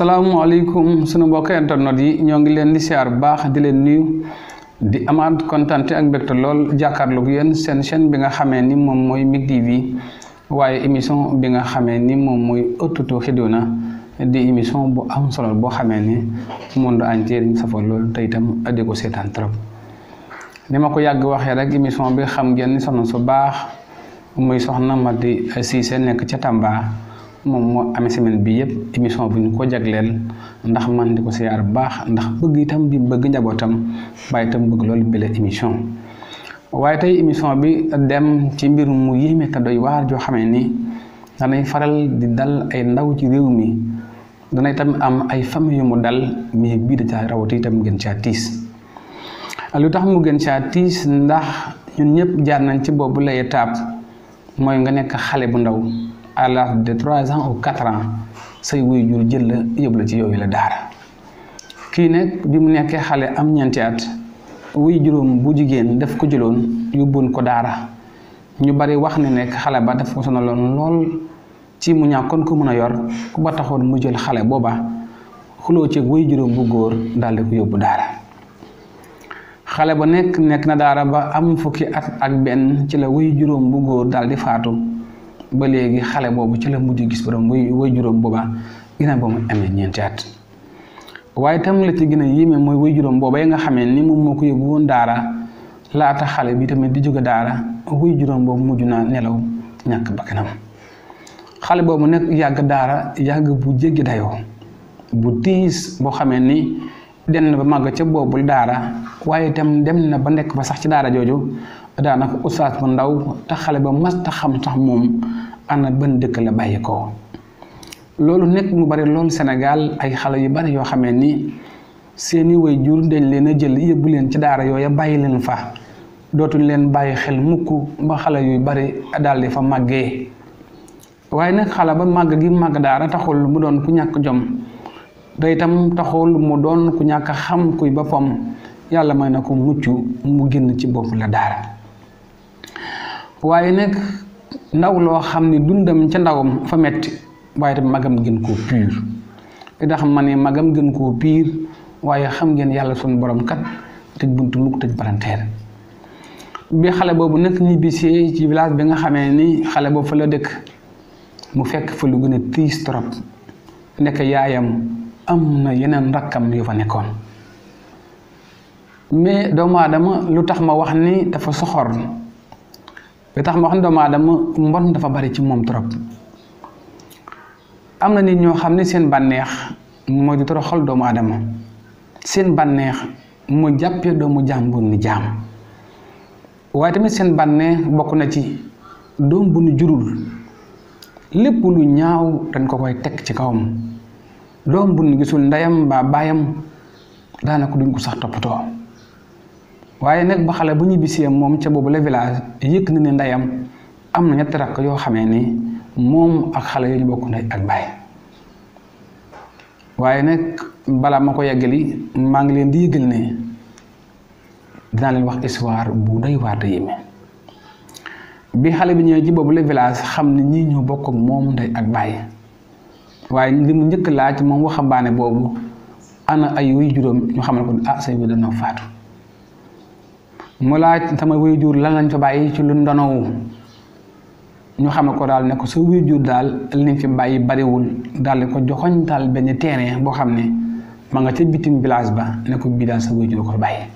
Assalamualaikum. sunu mbokk internet yi ñoo ngi leen di siyaar baax di leen nuyu di amaat kontante ak mbégte lool jàkkaarloog yeen seen chaîne bi nga xamé ni mom moy MIG TV émission bi nga xamé ni mom moy Xiduna di émission bu am solo bo xamé ni monde entier ñu safa lool tay tam ade ko trop nima ko yagg waxé rek émission bi xam ngeen ni sonu su baax muy soxna Mati Cissé nek ci Tamba mom mo amé semaine bi yépp émission buñ ko jaglél ndax man diko ko baax ndax bëgg itam bi bëgg njabotam bay itam bëgg bi bile émission waye tay émission bi dem ci mbir mu yéme ta doy war jo xamé ni faral di dal ay ndaw ci réew mi danay tam am ay famille yu mu dal mi bi da caa rawati tam gën ci atis lu tax mu gën ci atis ndax ñun ñëpp jaar nañ ci bobu lay étape moy nga nek xalé bu ndaw à l'âge de trois ans ou quatre ans say wuy jur jël la yóbbu la ci yooyu daara kii nag bi mu nekkee xale am ñeenti at wuy juróom bu jigéen daf ko jëloon yóbbuwoon ko daara ñu bari wax ne nekk xale ba daf ko sonaloon lool ci mu ñàkkoon ko mën a yor ku ba taxoon mu jël xale booba xuloo ci wuy juróom bu góor daal di ko yóbbu daara. xale ba nekk nekk na daara ba am fukki at ak benn ci la wuy juróom bu góor daal di faatu ba léegi xale boobu ci la mujj gis borom way way juróom booba ginnaaw ba mu amee ñeenti at waaye tam la ci gën a yéeme mooy way juróom booba yi nga xamee ni moom moo ko yóbbu woon daara laata xale bi tamit di jóge daara way juróom boobu mujju naa nelaw ñàkk bakkanam xale boobu nekk yàgg daara yàgg bu jéggi dayoo bu tiis boo xamee ni dem na ba màgg ca boobul daara waaye itam dem na ba nekk ba sax ci daara jooju te daanaka ustaas bu ndaw te xale ba mas ta xam sax moom ana ba dëkk la bàyyi ko loolu nekk mu bari loolu Sénégal ay xale yu bari yoo xamee ni seeni way jur dañ leen a jël yóbbu leen ci daara yooya bàyyi leen fa dootuñ leen bàyyi xel mukk ba xale yu bari daal di fa màggee waaye nag xale ba màgg gi màgg daara taxul mu doon ku ñàkk jom day itam taxul mu doon ku ñàkk xam kuy boppam yàlla may na ko mucc mu génn ci bopp la daara waaye nag ndaw loo xam ne dundam ca ndawam fa metti waaye tam magam gën koo piir li tax magam gën koo piir waaye xam ngeen yàlla suñu borom kat tëj buntu muk tëj palanteer bi xale boobu nag ñibbisee ci village bi nga xamee ni xale boobu fa la dëkk mu fekk fa lu gën a trop nekk yaayam yu fa mais ma wax ni dafa soxor li tax ma wax doomu aadama mbon dafa bari ci mom trop amna nit ñoo xam seen banex mooy di toro xol doomu aadama seen bànneex mu jàppee doomu jambu ni jam waye tamit seen banne bokku na ci doom bu nu jurul lepp lu ñaaw dañ ko koy tek ci kawam doom bu nu gisul bayam mbaa baayam daanaka duñ ko sax topato waye nag ba xale ba ñibbisee mom ci bobu le village yek na ne ndayam am na ñetti rak yo xamé ni mom ak xalé yu bokku bokk ak baye waye nag bala mako yeggali ma ngi leen di yeggal ne dina leen wax histoire bu day bi xalé bi ñew ci bobu le village xam ni ñi ñoo bokku mom nday ak baye waye li mu laaj waxa baane bobu ana ay wuy juroom ñu xamal ko ah bi na faatu mu laaj sama waajur lan lañ fa bàyyi ci lu ndonowu ñu ne ko daal ne ko sa waajur daal liñ fi bàyyi bariwul daal di ko joxoñtaal benn terrain boo xam ne ma nga ca bitim village ba ne ko bii daal sa waajur ko fa bàyyi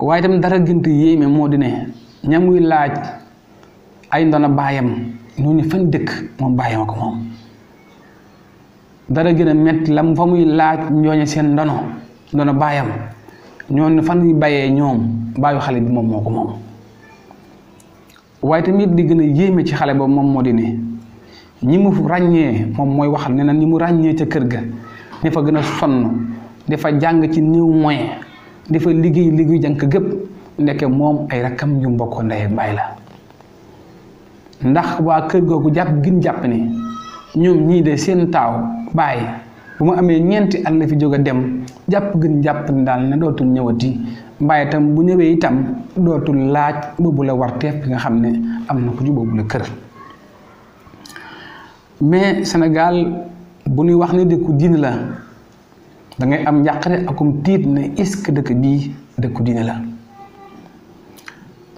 waaye itam dara gënt yéeme moo di ne laaj ay ndono baayam ñooñu dëkk moom ko moom dara gën a metti la fa muy laaj ñooñu seen ndono ndono baayam ñooñu fan yi bayee ñoom baayu xale bi moom moo ko moom waaye tamit di gën a yéeme ci xale boobu moom moo di ne ñi mu ràññee moom mooy waxal ne na ñi mu ràññee ca kër ga di fa gën a sonn dafa jàng ci néew moyen dafa fa liggéey liggéey jànk gépp ndeke moom ay rakkam yu mbokk ndey ak la ndax waa kër googu jàpp gin jàpp ne ñoom ñii de seen taaw baay bu mu amee ñeenti at la fi jóg a dem jàpp gën jàpp ni daal ne dootul ñëwati mbay itam bu ñëwee itam dootul laaj boobu la warteef bi nga xam ne am na ku ju boobu la kër mais senegal bu ñuy wax ne dëkku diine la da ngay am njàqare akum tiit ne est-ce que dëkk bii dëkku diine la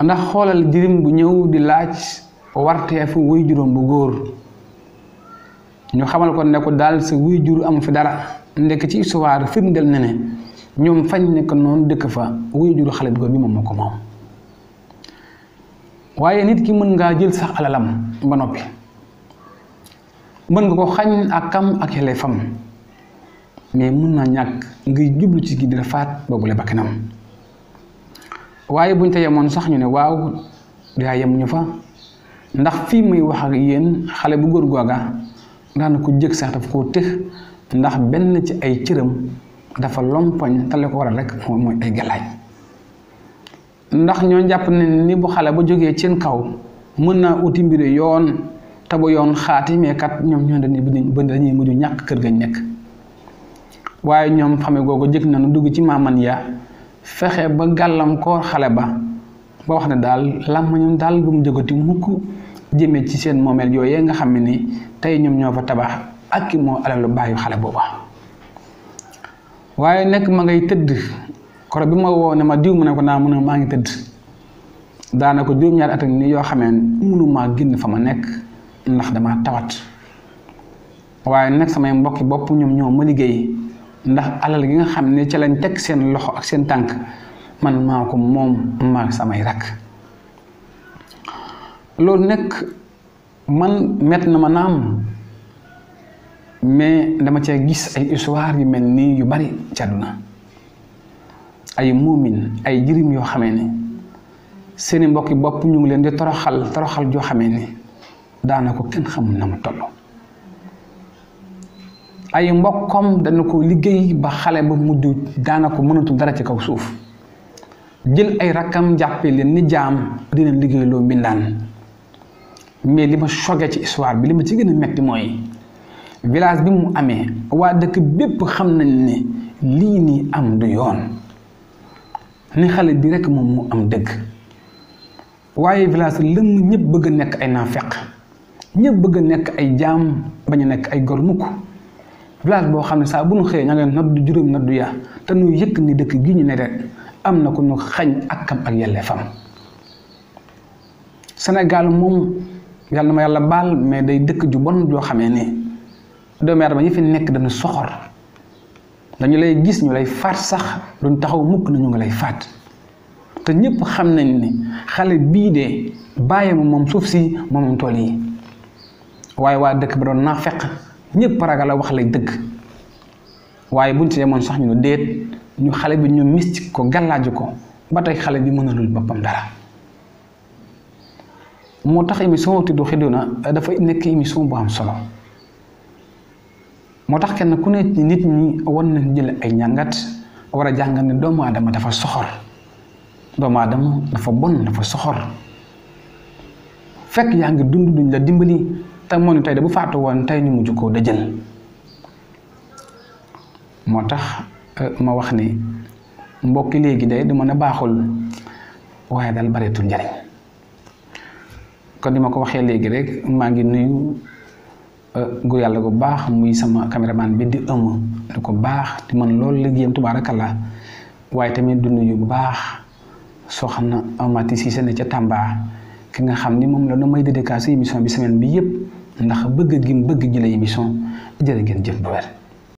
ndax xoolal jirim bu ñëw di laaj warteefu wuy juróom bu góor ñu xamal ko ne daal sa wuy jur amu fi dara ndekk ci histoire firndeel na ne ñoom fañ nekk noonu dëkk fa wuy jur xale bi ko bi moom ko moom waaye nit ki mën ngaa jël sax alalam ba noppi mën nga ko xañ ak kam ak yellee mën naa ñàkk ngay jublu ci gi dina faat boobule bakkanam waaye buñ te yemoon sax ñu ne waaw daa yem ñu fa ndax fii muy wax ak yéen xale bu góor googa ko jëg sax daf ko tëx ndax benn ci ay cëram dafa lompoñ te li ko waral rek mooy ay galaaj ndax ñoo jàpp ne ni bu xale ba jógee seen kaw mën naa uti mbiri yoon te bu yoon xaati mais kat ñoom ñoo dañuy ba dañuy mujj ñàkk kër gañ nekk waaye ñoom xame googu jëg nañu dugg ci maaman ya fexe ba xale ba ba wax ne daal làmmañam daal bu mu mukk jëmee ci seen moomeel yooyee nga xam ne ni tey ñoom ñoo fa tabax ak ki moo alalu bàyyi xale booba waaye nekk ma ngay tëdd koro bi ma woo ne ma diw mu ne ko naa mu maa ngi tëdd daanaka juróom-ñaari at ni yoo xamee mënumaa génn fa ma nekk ndax dama tawat waaye nag samay mbokki bopp ñoom ñoo ma liggéey ndax alal gi nga xam ne ci lañ teg seen loxo ak seen tànk man maa ko moom maa samay rakk loolu nag man mett na ma naam mais dama cee gis ay histoire yu mel nii yu bari ci àdduna ay muumin ay jirim yoo xamee ne seeni mbokki bopp ñu ngi leen di toroxal toroxal joo xamee ne daana ko kenn xamul na mu toll ay mbokkam dana ko liggéey ba xale ba mujj daana ko mënatul dara ci kaw suuf jël ay rakkam jàppee leen ni jaam dina liggéey loo mbindaan mais li ma choqué ci histoire bi li ma ci gën a metti mooy village bi mu amee waa dëkk bépp xam nañ ne lii nii am du yoon ni xale bi rek moom mu am dëgg waaye village lëmm ñëpp bëgg a nekk ay naafeq ñëpp bëgg a nekk ay jaam bañ a nekk ay gormuk mukk village boo xam ne saa bu nu xëyee ña ngeen juróom noddu ya te nu yëkk ni dëkk gi ñu ne rek am na ko nu xañ akkam ak yelleefam Sénégal moom yalla ma yalla bal mais day dëkk ju bon xamé né do mer ma ñi fi nekk dañu soxor dañu lay gis ñu lay faat sax duñ taxaw mukk nañu nga lay faat te ñëpp xam nañ ni bi dé baye mu mom suuf si mom tool yi waaye wa dëkk ba do naa feq ñëpp ragal wax lay dëgg waye buñ ci yémon sax ñu déet ñu xalé bi ñu mystique ko gàllaaju ko batay xalé bi mëna lul bopam dara moo tax émission tudd Xidma dafa nekk émission bu am solo moo tax kenn ku ne nit ñi war nañ jël ay ñàngat war a jàngat ne doomu aadama dafa soxor doomu aadama dafa bon dafa soxor fekk yaa ngi dund duñ la dimbali te moo ni tey da bu faatu woon tey ñu mujj koo dajal moo tax euh, ma wax ni mbokki léegi day du mën a baaxul waaye daal bareetul njariñ kon ma ko waxee léegi rek maa ngi nuyu euh, gu yàlla bu baax muy sama caméraman bi di ëmm di ko baax te man loolu liggéeyam tubaarakallah waaye tamit du nuyu bu baax soo xam soxna Amati Cissé ne ca Tamba ki nga xam ni moom la nu may dédicace émission bi semaine bi yëpp ndax bëgg gi bëgg ji la émission jërë ngeen jëf bu wér